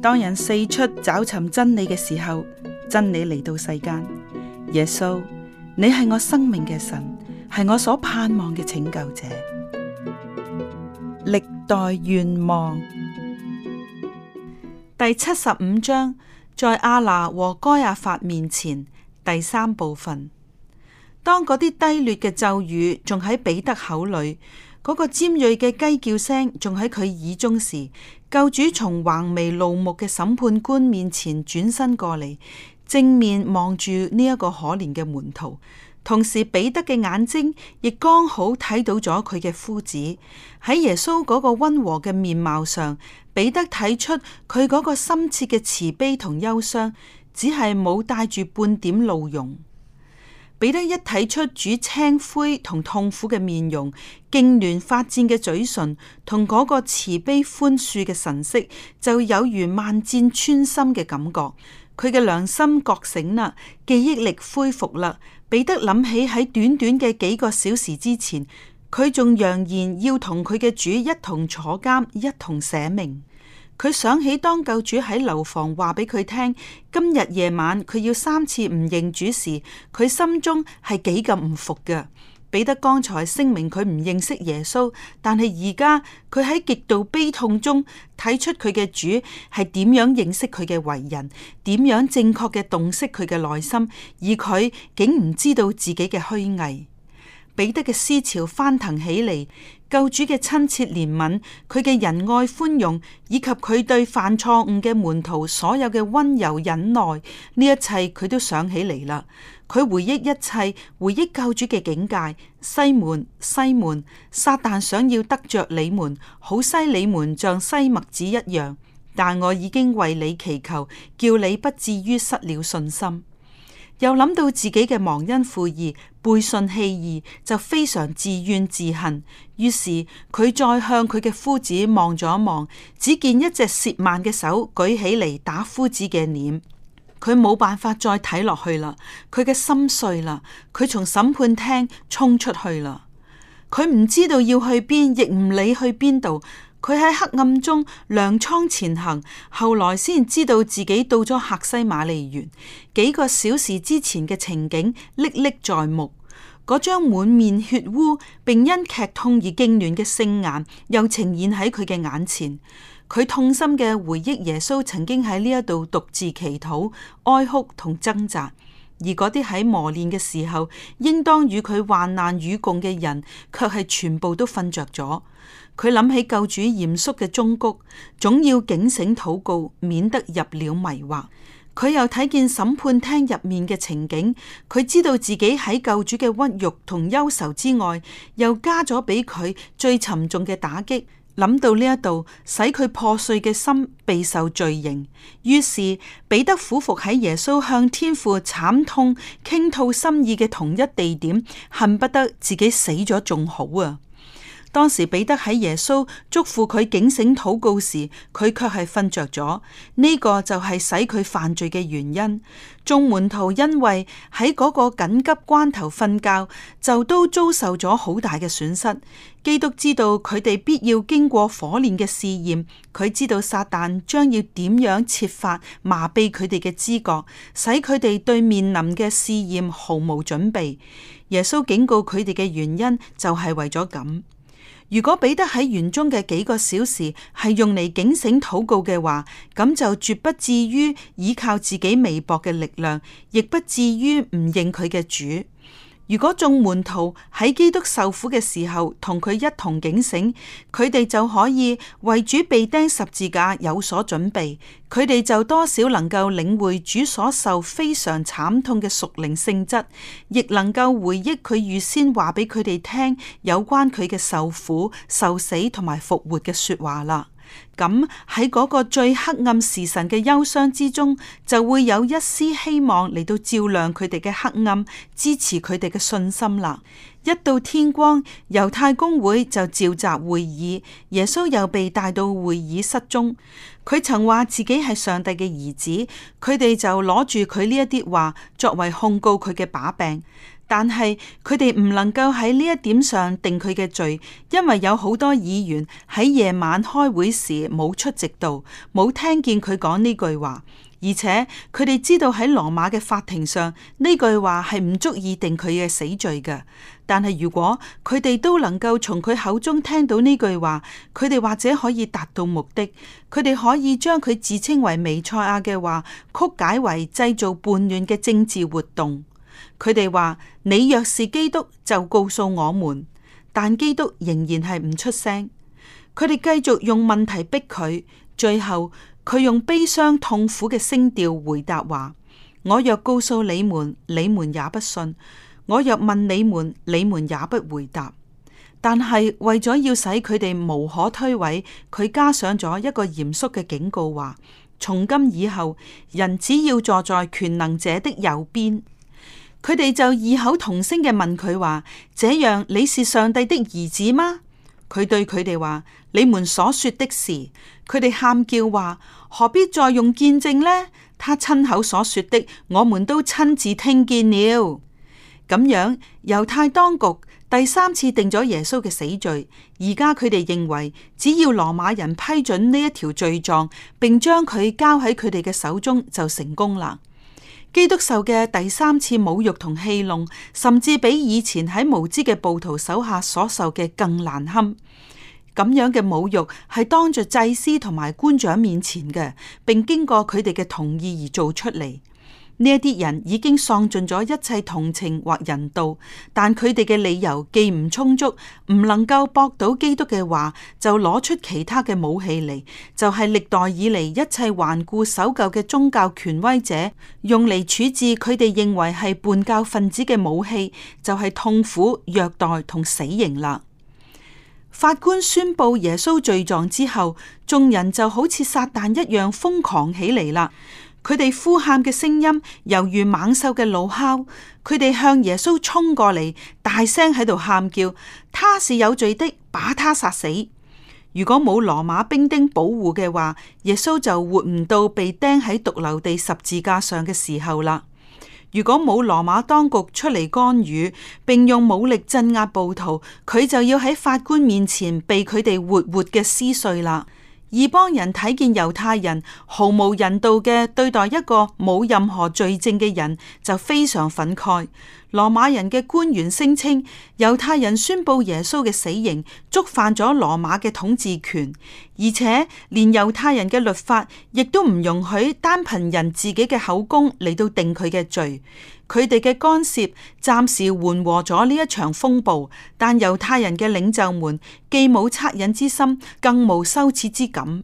當人四出找尋真理嘅時候，真理嚟到世間。耶穌，你係我生命嘅神，係我所盼望嘅拯救者。歷代願望第七十五章，在亞那和該亞法面前第三部分。當嗰啲低劣嘅咒語仲喺彼得口裏，嗰、那個尖銳嘅雞叫聲仲喺佢耳中時，救主從橫眉怒目嘅審判官面前轉身過嚟，正面望住呢一個可憐嘅門徒，同時彼得嘅眼睛亦剛好睇到咗佢嘅夫子。喺耶穌嗰個溫和嘅面貌上，彼得睇出佢嗰個深切嘅慈悲同憂傷，只係冇帶住半點怒容。彼得一睇出主青灰同痛苦嘅面容，痙攣發顫嘅嘴唇，同嗰個慈悲寬恕嘅神色，就有如萬箭穿心嘅感覺。佢嘅良心覺醒啦，記憶力恢復啦。彼得諗起喺短短嘅幾個小時之前，佢仲揚言要同佢嘅主一同坐監，一同捨命。佢想起當救主喺樓房話俾佢聽，今日夜晚佢要三次唔認主時，佢心中係幾咁唔服㗎。彼得剛才聲明佢唔認識耶穌，但係而家佢喺極度悲痛中睇出佢嘅主係點樣認識佢嘅為人，點樣正確嘅洞悉佢嘅內心，而佢竟唔知道自己嘅虛偽。彼得嘅思潮翻騰起嚟。救主嘅親切憐憫，佢嘅仁愛寬容，以及佢對犯錯誤嘅門徒所有嘅溫柔忍耐，呢一切佢都想起嚟啦。佢回憶一切，回憶救主嘅境界。西門，西門，撒旦想要得着你們，好篩你們像篩麥子一樣，但我已經為你祈求，叫你不至於失了信心。又諗到自己嘅忘恩負義。背信棄義，就非常自怨自恨，於是佢再向佢嘅夫子望咗望，只見一隻蝕慢嘅手舉起嚟打夫子嘅臉，佢冇辦法再睇落去啦，佢嘅心碎啦，佢從審判廳衝出去啦，佢唔知道要去邊，亦唔理去邊度。佢喺黑暗中踉蹌前行，後來先知道自己到咗客西馬尼園。幾個小時之前嘅情景歷歷在目，嗰張滿面血污，並因劇痛而痙攣嘅聖顏又呈現喺佢嘅眼前。佢痛心嘅回憶耶穌曾經喺呢一度獨自祈禱、哀哭同掙扎。而嗰啲喺磨練嘅時候，應當與佢患難與共嘅人，卻係全部都瞓着咗。佢諗起救主嚴肅嘅忠告，總要警醒禱告，免得入了迷惑。佢又睇見審判廳入面嘅情景，佢知道自己喺救主嘅屈辱同憂愁之外，又加咗俾佢最沉重嘅打擊。諗到呢一度，使佢破碎嘅心備受罪刑，於是彼得苦服喺耶穌向天父慘痛傾吐心意嘅同一地點，恨不得自己死咗仲好啊！當時彼得喺耶穌祝福佢警醒禱告時，佢卻係瞓着咗。呢、這個就係使佢犯罪嘅原因。眾門徒因為喺嗰個緊急關頭瞓覺，就都遭受咗好大嘅損失。基督知道佢哋必要經過火煉嘅試驗，佢知道撒旦將要點樣設法麻痹佢哋嘅知覺，使佢哋對面臨嘅試驗毫無準備。耶穌警告佢哋嘅原因就係為咗咁。如果彼得喺園中嘅幾個小時係用嚟警醒禱告嘅話，咁就絕不至於依靠自己微薄嘅力量，亦不至於唔認佢嘅主。如果眾門徒喺基督受苦嘅時候同佢一同警醒，佢哋就可以為主被釘十字架有所準備，佢哋就多少能夠領會主所受非常慘痛嘅屬靈性質，亦能夠回憶佢預先話俾佢哋聽有關佢嘅受苦、受死同埋復活嘅說話啦。咁喺嗰個最黑暗時辰嘅憂傷之中，就會有一絲希望嚟到照亮佢哋嘅黑暗，支持佢哋嘅信心啦。一到天光，猶太公會就召集會議，耶穌又被帶到會議室中。佢曾話自己係上帝嘅兒子，佢哋就攞住佢呢一啲話作為控告佢嘅把柄。但係佢哋唔能夠喺呢一點上定佢嘅罪，因為有好多議員喺夜晚開會時冇出席到，冇聽見佢講呢句話。而且佢哋知道喺羅馬嘅法庭上，呢句話係唔足以定佢嘅死罪嘅。但係如果佢哋都能夠從佢口中聽到呢句話，佢哋或者可以達到目的。佢哋可以將佢自稱為彌賽亞嘅話，曲解為製造叛亂嘅政治活動。佢哋話：你若是基督，就告訴我們。但基督仍然係唔出聲。佢哋繼續用問題逼佢，最後佢用悲傷痛苦嘅聲調回答：話我若告訴你們，你們也不信；我若問你們，你們也不回答。但係為咗要使佢哋無可推諉，佢加上咗一個嚴肅嘅警告：話從今以後，人只要坐在權能者的右邊。佢哋就異口同聲嘅問佢話：這樣你是上帝的兒子嗎？佢對佢哋話：你們所說的是。佢哋喊叫話：何必再用見證呢？他親口所說的，我們都親自聽見了。咁樣猶太當局第三次定咗耶穌嘅死罪，而家佢哋認為只要羅馬人批准呢一條罪狀，并將佢交喺佢哋嘅手中，就成功啦。基督受嘅第三次侮辱同戲弄，甚至比以前喺無知嘅暴徒手下所受嘅更難堪。咁樣嘅侮辱係當着祭司同埋官長面前嘅，並經過佢哋嘅同意而做出嚟。呢一啲人已經喪盡咗一切同情或人道，但佢哋嘅理由既唔充足，唔能夠駁倒基督嘅話，就攞出其他嘅武器嚟，就係歷代以嚟一切頑固守舊嘅宗教權威者用嚟處置佢哋認為係叛教分子嘅武器，就係痛苦、虐待同死刑啦。法官宣布耶穌罪狀之後，眾人就好似撒旦一樣瘋狂起嚟啦。佢哋呼喊嘅聲音猶如猛獸嘅怒吼，佢哋向耶穌衝過嚟，大聲喺度喊叫：他是有罪的，把他殺死。如果冇羅馬兵丁保護嘅話，耶穌就活唔到被釘喺髑髏地十字架上嘅時候啦。如果冇羅馬當局出嚟干預，並用武力鎮壓暴徒，佢就要喺法官面前被佢哋活活嘅撕碎啦。而幫人睇見猶太人毫無人道嘅對待一個冇任何罪證嘅人，就非常憤慨。羅馬人嘅官員聲稱，猶太人宣布耶穌嘅死刑，觸犯咗羅馬嘅統治權，而且連猶太人嘅律法亦都唔容許單憑人自己嘅口供嚟到定佢嘅罪。佢哋嘅干涉暫時緩和咗呢一場風暴，但猶太人嘅領袖們既冇惻隱之心，更冇羞恥之感。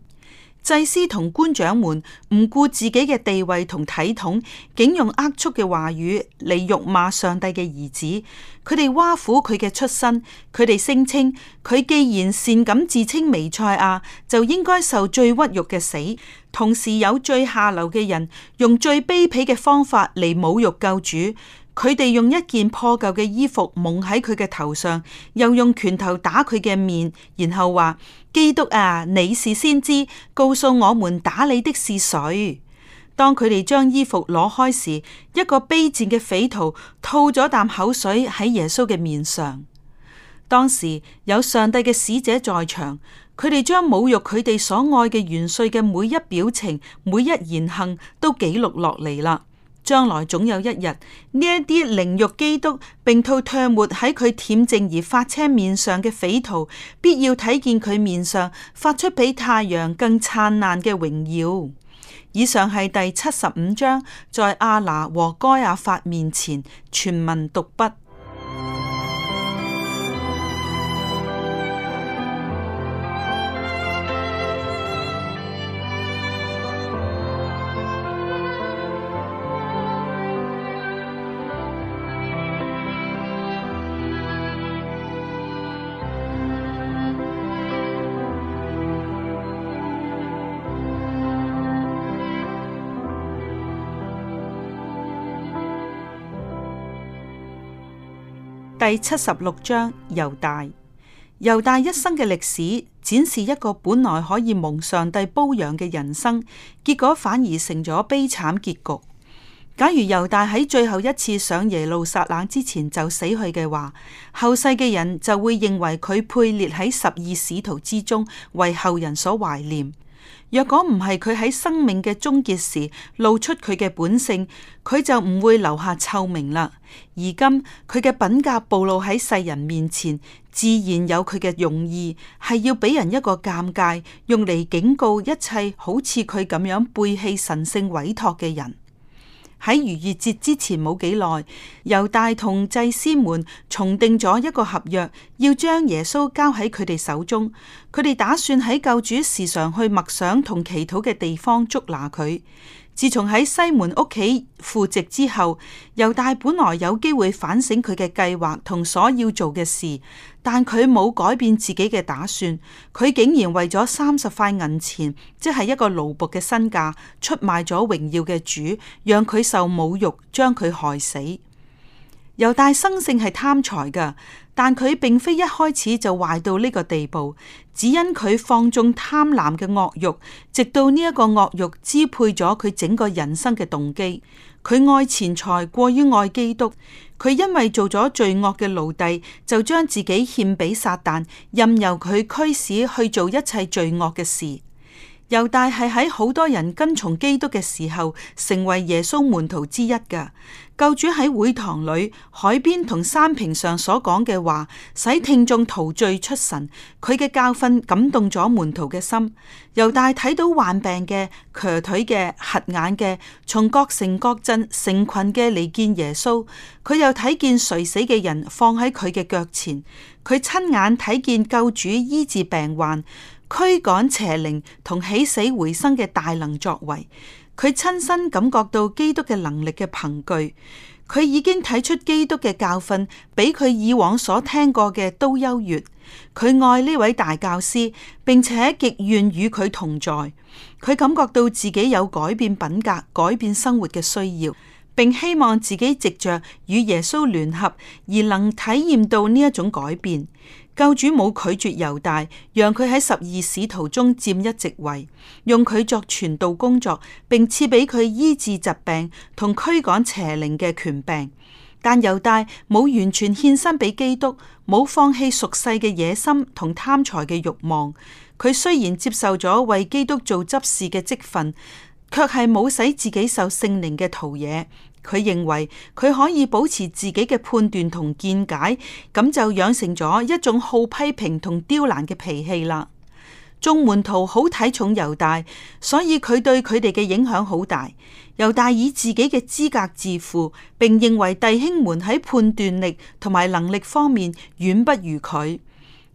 祭司同官長們唔顧自己嘅地位同體統，竟用呃促嘅話語嚟辱罵上帝嘅兒子。佢哋挖苦佢嘅出身，佢哋聲稱佢既然善感自稱彌賽亞，就應該受最屈辱嘅死。同時有最下流嘅人用最卑鄙嘅方法嚟侮辱救主。佢哋用一件破舊嘅衣服蒙喺佢嘅頭上，又用拳頭打佢嘅面，然後話：基督啊，你是先知，告訴我們打你的是誰。當佢哋將衣服攞開時，一個卑賤嘅匪徒吐咗啖口水喺耶穌嘅面上。當時有上帝嘅使者在場，佢哋將侮辱佢哋所愛嘅元帥嘅每一表情、每一言行都記錄落嚟啦。將來總有一日，呢一啲凌辱基督，並吐唾沫喺佢恬靜而發青面上嘅匪徒，必要睇見佢面上發出比太陽更燦爛嘅榮耀。以上係第七十五章，在阿拿和該亞法面前全文讀畢。第七十六章，猶大。猶大一生嘅歷史展示一個本來可以蒙上帝褒揚嘅人生，結果反而成咗悲慘結局。假如猶大喺最後一次上耶路撒冷之前就死去嘅話，後世嘅人就會認為佢配列喺十二使徒之中，為後人所懷念。若果唔係佢喺生命嘅終結時露出佢嘅本性，佢就唔會留下臭名啦。而今，佢嘅品格暴露喺世人面前，自然有佢嘅用意，係要畀人一個尷尬，用嚟警告一切好似佢咁樣背棄神聖委託嘅人。喺逾越節之前冇幾耐，猶大同祭司們重定咗一個合約，要將耶穌交喺佢哋手中。佢哋打算喺救主時常去默想同祈禱嘅地方捉拿佢。自從喺西門屋企附席之後，猶大本來有機會反省佢嘅計劃同所要做嘅事。但佢冇改變自己嘅打算，佢竟然為咗三十塊銀錢，即係一個奴僕嘅身價，出賣咗榮耀嘅主，讓佢受侮辱，將佢害死。猶大生性係貪財嘅，但佢並非一開始就壞到呢個地步，只因佢放縱貪婪嘅惡慾，直到呢一個惡慾支配咗佢整個人生嘅動機，佢愛錢財過於愛基督。佢因為做咗罪惡嘅奴隸，就將自己獻畀撒旦，任由佢驅使去做一切罪惡嘅事。猶大係喺好多人跟從基督嘅時候，成為耶穌門徒之一噶。救主喺會堂裏、海邊同山坪上所講嘅話，使聽眾陶醉出神。佢嘅教訓感動咗門徒嘅心。猶大睇到患病嘅、瘸腿嘅、瞎眼嘅，從各城各鎮成群嘅嚟見耶穌。佢又睇見垂死嘅人放喺佢嘅腳前，佢親眼睇見救主醫治病患。驅趕邪靈同起死回生嘅大能作為，佢親身感覺到基督嘅能力嘅憑據，佢已經睇出基督嘅教訓比佢以往所聽過嘅都優越。佢愛呢位大教師，並且極願與佢同在。佢感覺到自己有改變品格、改變生活嘅需要，並希望自己藉着與耶穌聯合而能體驗到呢一種改變。救主冇拒絕猶大，讓佢喺十二使徒中佔一席位，用佢作傳道工作，並賜俾佢醫治疾病同驅趕邪靈嘅權柄。但猶大冇完全獻身俾基督，冇放棄俗世嘅野心同貪財嘅欲望。佢雖然接受咗為基督做執事嘅職份，卻係冇使自己受聖靈嘅陶冶。佢認為佢可以保持自己嘅判斷同見解，咁就養成咗一種好批評同刁難嘅脾氣啦。眾門徒好睇重猶大，所以佢對佢哋嘅影響好大。猶大以自己嘅資格自負，並認為弟兄們喺判斷力同埋能力方面遠不如佢。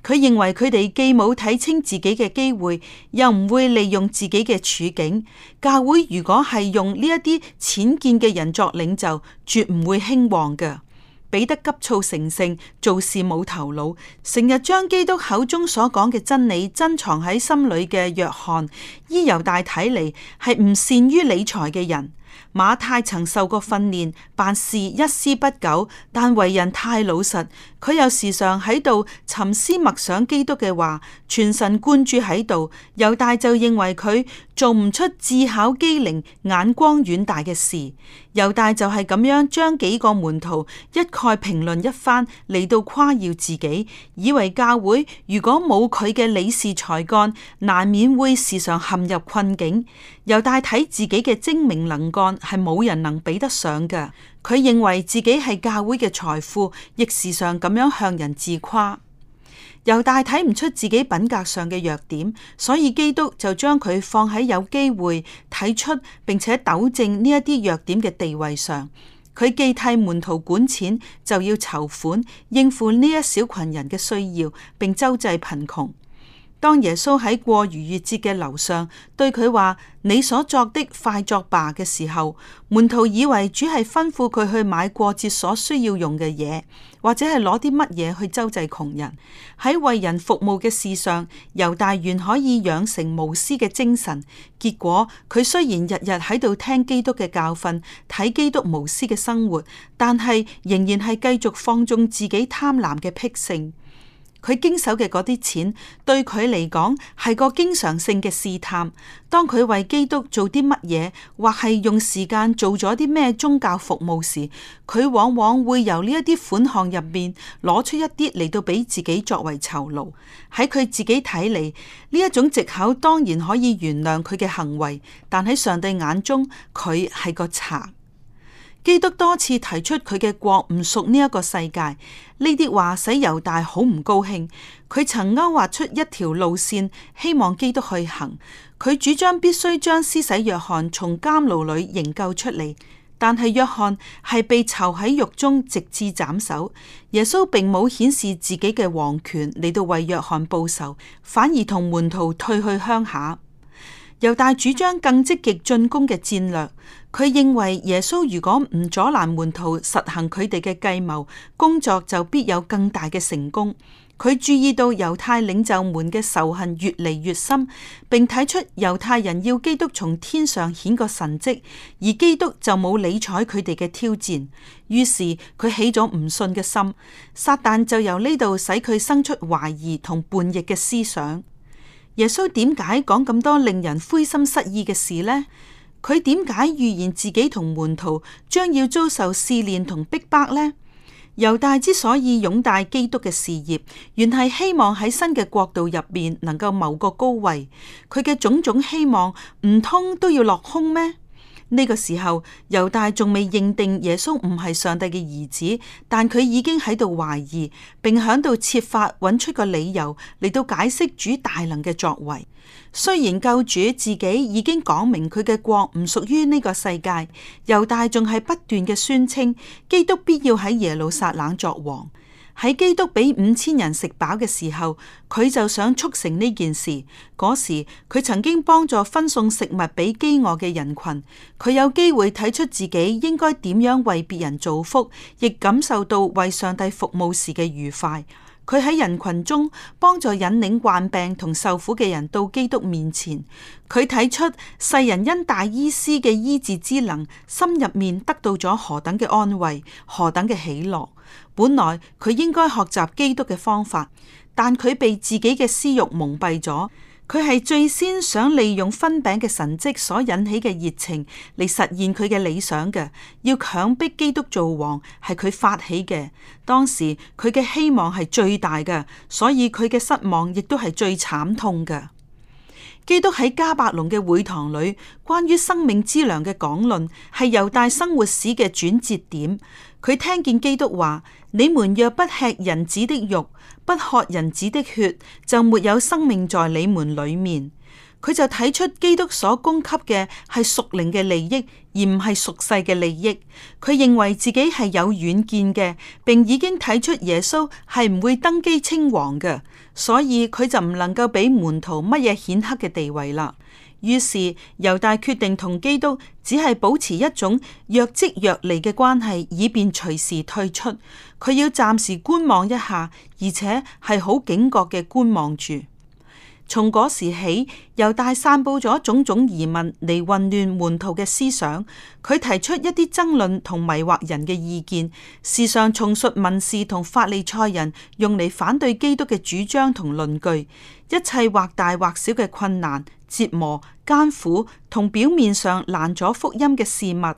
佢認為佢哋既冇睇清自己嘅機會，又唔會利用自己嘅處境。教會如果係用呢一啲淺見嘅人作領袖，絕唔會興旺嘅。彼得急躁成性，做事冇頭腦，成日將基督口中所講嘅真理珍藏喺心裏嘅約翰，依猶大睇嚟係唔善於理財嘅人。馬太曾受過訓練，辦事一絲不苟，但為人太老實。佢又時常喺度沉思默想基督嘅話，全神貫注喺度。猶大就認為佢做唔出智巧機靈、眼光遠大嘅事。猶大就係咁樣將幾個門徒一概評論一番，嚟到誇耀自己，以為教會如果冇佢嘅理事才幹，難免會時常陷入困境。猶大睇自己嘅精明能幹，係冇人能比得上嘅。佢認為自己係教會嘅財富，亦時常咁樣向人自誇，猶大睇唔出自己品格上嘅弱點，所以基督就將佢放喺有機會睇出並且糾正呢一啲弱點嘅地位上。佢既替門徒管錢，就要籌款應付呢一小群人嘅需要，並周濟貧窮。當耶穌喺過逾越節嘅樓上對佢話：你所作的快作罷嘅時候，門徒以為主係吩咐佢去買過節所需要用嘅嘢，或者係攞啲乜嘢去周濟窮人。喺為人服務嘅事上，猶大原可以養成無私嘅精神。結果佢雖然日日喺度聽基督嘅教訓，睇基督無私嘅生活，但係仍然係繼續放縱自己貪婪嘅癖性。佢經手嘅嗰啲錢，對佢嚟講係個經常性嘅試探。當佢為基督做啲乜嘢，或係用時間做咗啲咩宗教服務時，佢往往會由呢一啲款項入面攞出一啲嚟到俾自己作為酬勞。喺佢自己睇嚟，呢一種借口當然可以原諒佢嘅行為，但喺上帝眼中，佢係個賊。基督多次提出佢嘅國唔屬呢一個世界，呢啲話使猶大好唔高興。佢曾勾畫出一條路線，希望基督去行。佢主張必須將施洗約翰從監牢裏營救出嚟，但係約翰係被囚喺獄中，直至斬首。耶穌並冇顯示自己嘅王權嚟到為約翰報仇，反而同門徒退去鄉下。猶大主張更積極進攻嘅戰略，佢認為耶穌如果唔阻攔門徒實行佢哋嘅計謀，工作就必有更大嘅成功。佢注意到猶太領袖們嘅仇恨越嚟越深，並睇出猶太人要基督從天上顯個神迹，而基督就冇理睬佢哋嘅挑戰。於是佢起咗唔信嘅心，撒旦就由呢度使佢生出懷疑同叛逆嘅思想。耶穌點解講咁多令人灰心失意嘅事呢？佢點解預言自己同門徒將要遭受試煉同逼迫呢？猶大之所以擁戴基督嘅事業，原係希望喺新嘅國度入面能夠謀個高位，佢嘅種種希望唔通都要落空咩？呢個時候，猶大仲未認定耶穌唔係上帝嘅兒子，但佢已經喺度懷疑，並響度設法揾出個理由嚟到解釋主大能嘅作為。雖然救主自己已經講明佢嘅國唔屬於呢個世界，猶大仲係不斷嘅宣稱基督必要喺耶路撒冷作王。喺基督俾五千人食飽嘅時候，佢就想促成呢件事。嗰時，佢曾經幫助分送食物俾飢餓嘅人群，佢有機會睇出自己應該點樣為別人造福，亦感受到為上帝服務時嘅愉快。佢喺人群中幫助引領患病同受苦嘅人到基督面前。佢睇出世人因大醫師嘅醫治之能，心入面得到咗何等嘅安慰，何等嘅喜樂。本來佢應該學習基督嘅方法，但佢被自己嘅私欲蒙蔽咗。佢係最先想利用分餅嘅神蹟所引起嘅熱情嚟實現佢嘅理想嘅，要強迫基督做王，係佢發起嘅。當時佢嘅希望係最大嘅，所以佢嘅失望亦都係最慘痛嘅。基督喺加百隆嘅會堂裏關於生命之糧嘅講論，係猶大生活史嘅轉折點。佢聽見基督話：你們若不吃人子的肉，不喝人子的血，就沒有生命在你們裏面。佢就睇出基督所供給嘅係屬靈嘅利益，而唔係屬世嘅利益。佢認為自己係有遠見嘅，並已經睇出耶穌係唔會登基稱王嘅，所以佢就唔能夠俾門徒乜嘢顯赫嘅地位啦。於是猶大決定同基督只係保持一種若即若離嘅關係，以便隨時退出。佢要暫時觀望一下，而且係好警覺嘅觀望住。從嗰時起，猶大散布咗種種疑問嚟混亂門徒嘅思想。佢提出一啲爭論同迷惑人嘅意見，時常重述民事同法利賽人用嚟反對基督嘅主張同論據，一切或大或小嘅困難。折磨、艱苦同表面上難阻福音嘅事物，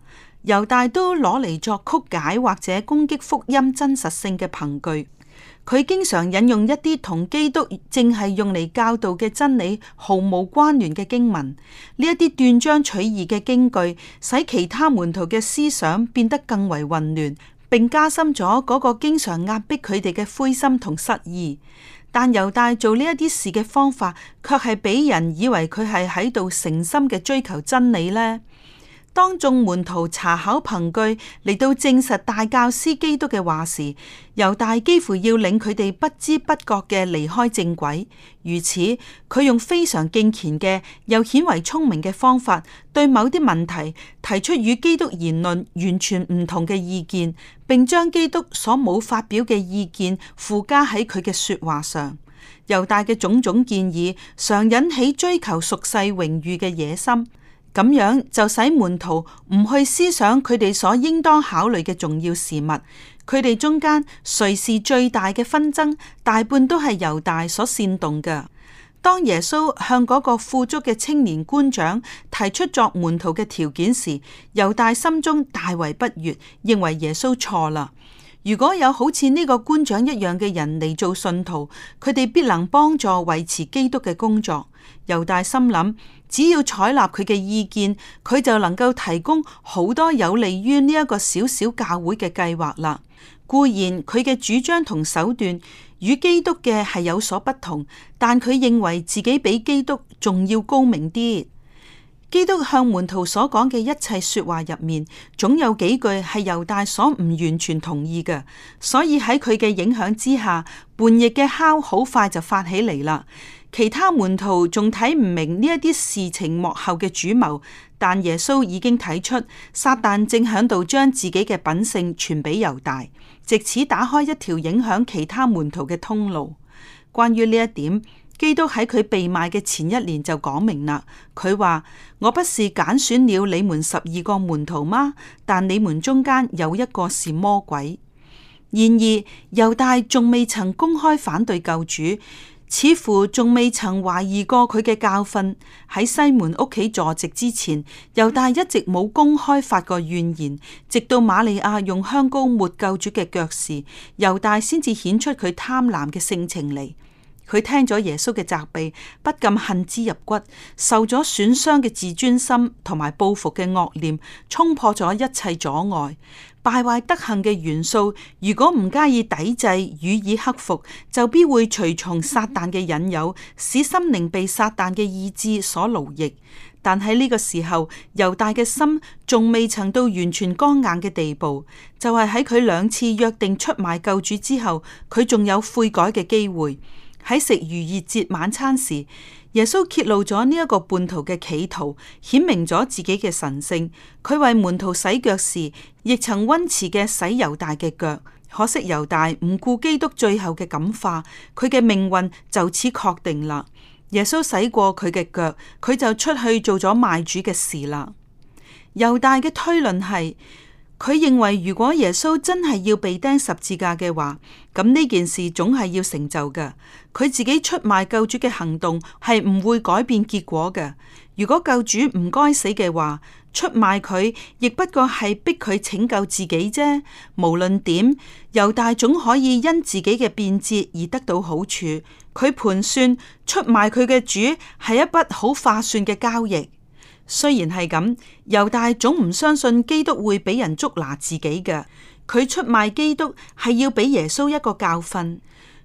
猶大都攞嚟作曲解或者攻擊福音真實性嘅憑據。佢經常引用一啲同基督正係用嚟教導嘅真理毫無關聯嘅經文。呢一啲斷章取義嘅經句，使其他門徒嘅思想變得更為混亂，並加深咗嗰個經常壓迫佢哋嘅灰心同失意。但猶大做呢一啲事嘅方法，卻係俾人以為，佢係喺度誠心嘅追求真理咧。當眾門徒查考憑據嚟到證實大教師基督嘅話時，猶大幾乎要領佢哋不知不覺嘅離開正軌。如此，佢用非常敬虔嘅又顯為聰明嘅方法，對某啲問題提出與基督言論完全唔同嘅意見，並將基督所冇發表嘅意見附加喺佢嘅說話上。猶大嘅種種建議，常引起追求俗世榮譽嘅野心。咁樣就使門徒唔去思想佢哋所應當考慮嘅重要事物。佢哋中間誰是最大嘅紛爭，大半都係猶大所煽動嘅。當耶穌向嗰個富足嘅青年官長提出作門徒嘅條件時，猶大心中大為不悦，認為耶穌錯啦。如果有好似呢個官長一樣嘅人嚟做信徒，佢哋必能幫助維持基督嘅工作。猶大心諗，只要採納佢嘅意見，佢就能夠提供好多有利於呢一個小小教會嘅計劃啦。固然，佢嘅主張同手段與基督嘅係有所不同，但佢認為自己比基督仲要高明啲。基督向門徒所講嘅一切說話入面，總有幾句係猶大所唔完全同意嘅，所以喺佢嘅影響之下，叛逆嘅酵好快就發起嚟啦。其他門徒仲睇唔明呢一啲事情幕後嘅主謀，但耶穌已經睇出撒旦正響度將自己嘅品性傳俾猶大，借此打開一條影響其他門徒嘅通路。關於呢一點。基督喺佢被賣嘅前一年就講明啦，佢話：我不是揀選了你們十二個門徒嗎？但你們中間有一個是魔鬼。然而，猶大仲未曾公開反對救主，似乎仲未曾懷疑過佢嘅教訓。喺西門屋企坐席之前，猶大一直冇公開發過怨言，直到瑪利亞用香膏抹救主嘅腳時，猶大先至顯出佢貪婪嘅性情嚟。佢聽咗耶穌嘅責備，不禁恨之入骨，受咗損傷嘅自尊心同埋報復嘅惡念，衝破咗一切阻礙，敗壞德行嘅元素。如果唔加以抵制，予以克服，就必會隨從撒旦嘅引誘，使心靈被撒旦嘅意志所奴役。但喺呢個時候，猶大嘅心仲未曾到完全剛硬嘅地步，就係喺佢兩次約定出賣救主之後，佢仲有悔改嘅機會。喺食逾越節晚餐時，耶穌揭露咗呢一個叛徒嘅企圖，顯明咗自己嘅神聖。佢為門徒洗腳時，亦曾溫慈嘅洗猶大嘅腳。可惜猶大唔顧基督最後嘅感化，佢嘅命運就此確定啦。耶穌洗過佢嘅腳，佢就出去做咗賣主嘅事啦。猶大嘅推論係。佢認為，如果耶穌真係要被釘十字架嘅話，咁呢件事總係要成就噶。佢自己出賣救主嘅行動係唔會改變結果嘅。如果救主唔該死嘅話，出賣佢亦不過係逼佢拯救自己啫。無論點，猶大總可以因自己嘅變節而得到好處。佢盤算出賣佢嘅主係一筆好划算嘅交易。雖然係咁，猶大總唔相信基督會俾人捉拿自己嘅。佢出賣基督係要俾耶穌一個教訓。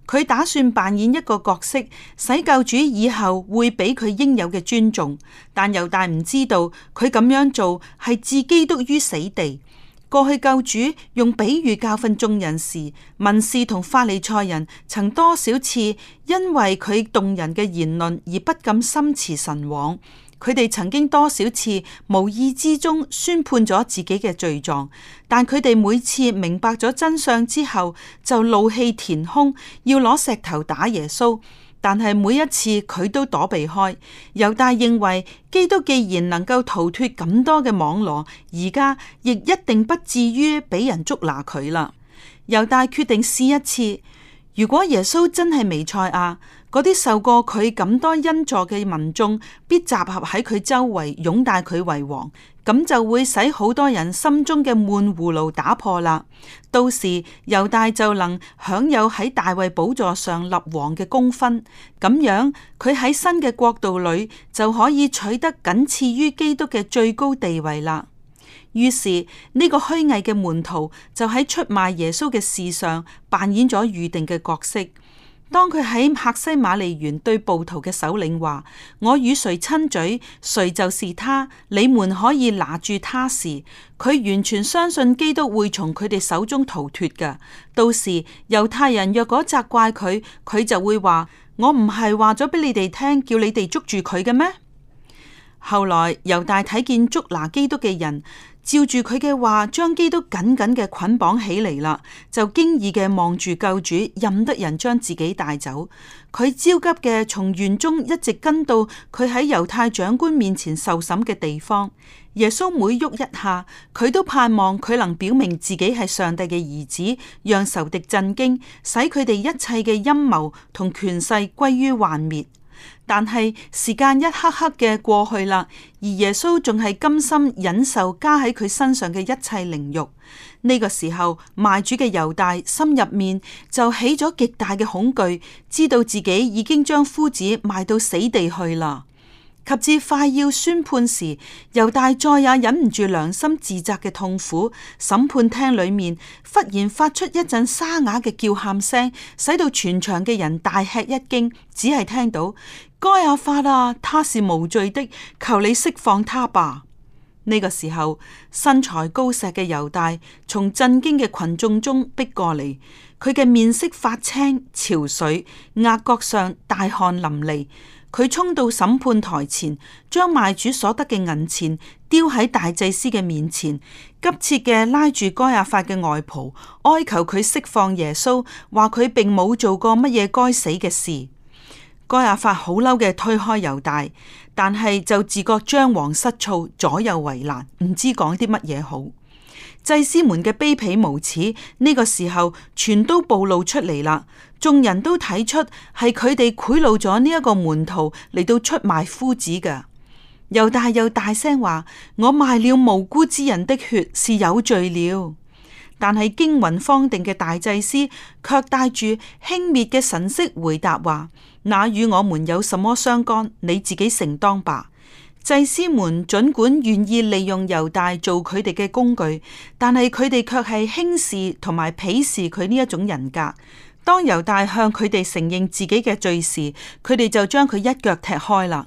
佢打算扮演一個角色，使救主以後會俾佢應有嘅尊重。但猶大唔知道，佢咁樣做係置基督於死地。過去救主用比喻教訓眾人時，文士同法利賽人曾多少次因為佢動人嘅言論而不敢心馳神往。佢哋曾經多少次無意之中宣判咗自己嘅罪狀，但佢哋每次明白咗真相之後，就怒氣填胸，要攞石頭打耶穌。但係每一次佢都躲避開。猶大認為基督既然能夠逃脫咁多嘅網羅，而家亦一定不至於俾人捉拿佢啦。猶大決定試一次，如果耶穌真係彌賽亞。嗰啲受過佢咁多恩助嘅民眾，必集合喺佢周圍，擁戴佢為王，咁就會使好多人心中嘅悶葫蘆打破啦。到時猶大就能享有喺大衛寶座上立王嘅功勛，咁樣佢喺新嘅國度裏就可以取得僅次於基督嘅最高地位啦。於是呢個虛偽嘅門徒就喺出賣耶穌嘅事上扮演咗預定嘅角色。當佢喺客西馬尼園對暴徒嘅首領話：我與誰親嘴，誰就是他。你們可以拿住他時，佢完全相信基督會從佢哋手中逃脫㗎。到時猶太人若果責怪佢，佢就會話：我唔係話咗俾你哋聽，叫你哋捉住佢嘅咩？後來猶大睇見捉拿基督嘅人。照住佢嘅話，將基督緊緊嘅捆綁起嚟啦，就驚異嘅望住救主，任得人將自己帶走。佢焦急嘅從園中一直跟到佢喺猶太長官面前受審嘅地方。耶穌每喐一下，佢都盼望佢能表明自己係上帝嘅兒子，讓仇敵震驚，使佢哋一切嘅陰謀同權勢歸於幻滅。但係時間一刻刻嘅過去啦，而耶穌仲係甘心忍受加喺佢身上嘅一切凌辱。呢個時候，賣主嘅猶大心入面就起咗極大嘅恐懼，知道自己已經將夫子賣到死地去啦。及至快要宣判時，猶大再也忍唔住良心自責嘅痛苦。審判廳裏面忽然發出一陣沙啞嘅叫喊聲，使到全場嘅人大吃一驚。只係聽到該亞、啊、法啊，他是無罪的，求你釋放他吧！呢、這個時候，身材高碩嘅猶大從震驚嘅群眾中逼過嚟，佢嘅面色發青，憔悴額角上大汗淋漓。佢衝到審判台前，將賣主所得嘅銀錢丟喺大祭司嘅面前，急切嘅拉住該亞法嘅外袍，哀求佢釋放耶穌，話佢並冇做過乜嘢該死嘅事。該亞法好嬲嘅推開猶大，但係就自覺張皇失措，左右為難，唔知講啲乜嘢好。祭司們嘅卑鄙無恥呢個時候全都暴露出嚟啦，眾人都睇出係佢哋賄賂咗呢一個門徒嚟到出賣夫子嘅，又大又大聲話：我賣了無辜之人的血是有罪了。但係驚魂方定嘅大祭司卻帶住輕蔑嘅神色回答話：那與我們有什麼相干？你自己承當吧。祭司們盡管願意利用猶大做佢哋嘅工具，但係佢哋卻係輕視同埋鄙視佢呢一種人格。當猶大向佢哋承認自己嘅罪時，佢哋就將佢一腳踢開啦。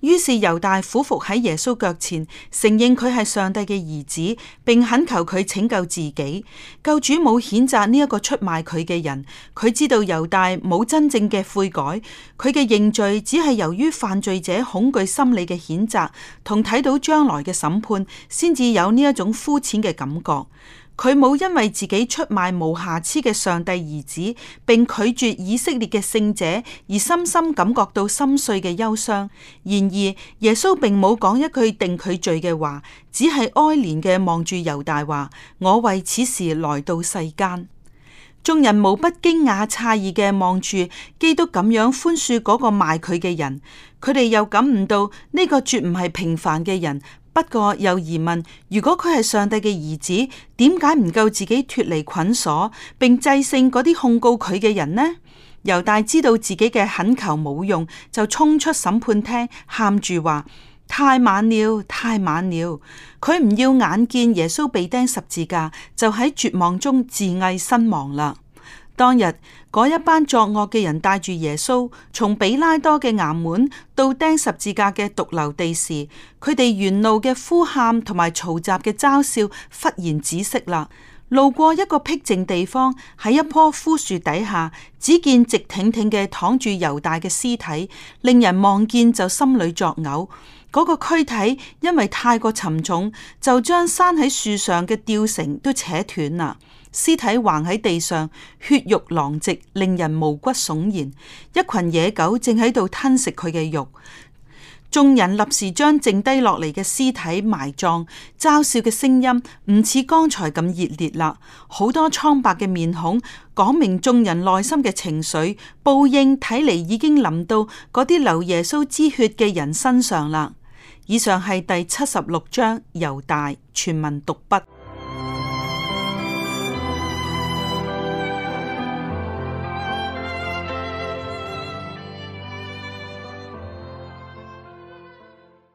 於是猶大俯伏喺耶穌腳前，承認佢係上帝嘅兒子，並懇求佢拯救自己。救主冇譴責呢一個出賣佢嘅人，佢知道猶大冇真正嘅悔改，佢嘅認罪只係由於犯罪者恐懼心理嘅譴責，同睇到將來嘅審判，先至有呢一種膚淺嘅感覺。佢冇因為自己出賣無瑕疵嘅上帝兒子，並拒絕以色列嘅聖者而深深感覺到心碎嘅憂傷。然而耶穌並冇講一句定佢罪嘅話，只係哀憐嘅望住猶大話：我為此事來到世間。眾人無不驚訝詫異嘅望住基督咁樣寬恕嗰個賣佢嘅人，佢哋又感唔到呢個絕唔係平凡嘅人。不過又疑問：如果佢係上帝嘅兒子，點解唔救自己脫離捆鎖，並制勝嗰啲控告佢嘅人呢？猶大知道自己嘅懇求冇用，就衝出審判廳，喊住話：太晚了，太晚了！佢唔要眼見耶穌被釘十字架，就喺絕望中自縊身亡啦。當日。嗰一班作惡嘅人帶住耶穌，從彼拉多嘅衙門到釘十字架嘅髑髏地時，佢哋沿路嘅呼喊同埋嘈雜嘅嘲笑忽然止息啦。路過一個僻靜地方，喺一棵枯樹底下，只見直挺挺嘅躺住猶大嘅屍體，令人望見就心裏作嘔。嗰、那個軀體因為太過沉重，就將拴喺樹上嘅吊繩都扯斷啦。屍體橫喺地上，血肉狼藉，令人毛骨悚然。一群野狗正喺度吞食佢嘅肉。眾人立時將剩低落嚟嘅屍體埋葬。嘲笑嘅聲音唔似剛才咁熱烈啦。好多蒼白嘅面孔，講明眾人內心嘅情緒。報應睇嚟已經臨到嗰啲流耶穌之血嘅人身上啦。以上係第七十六章，猶大全文讀筆。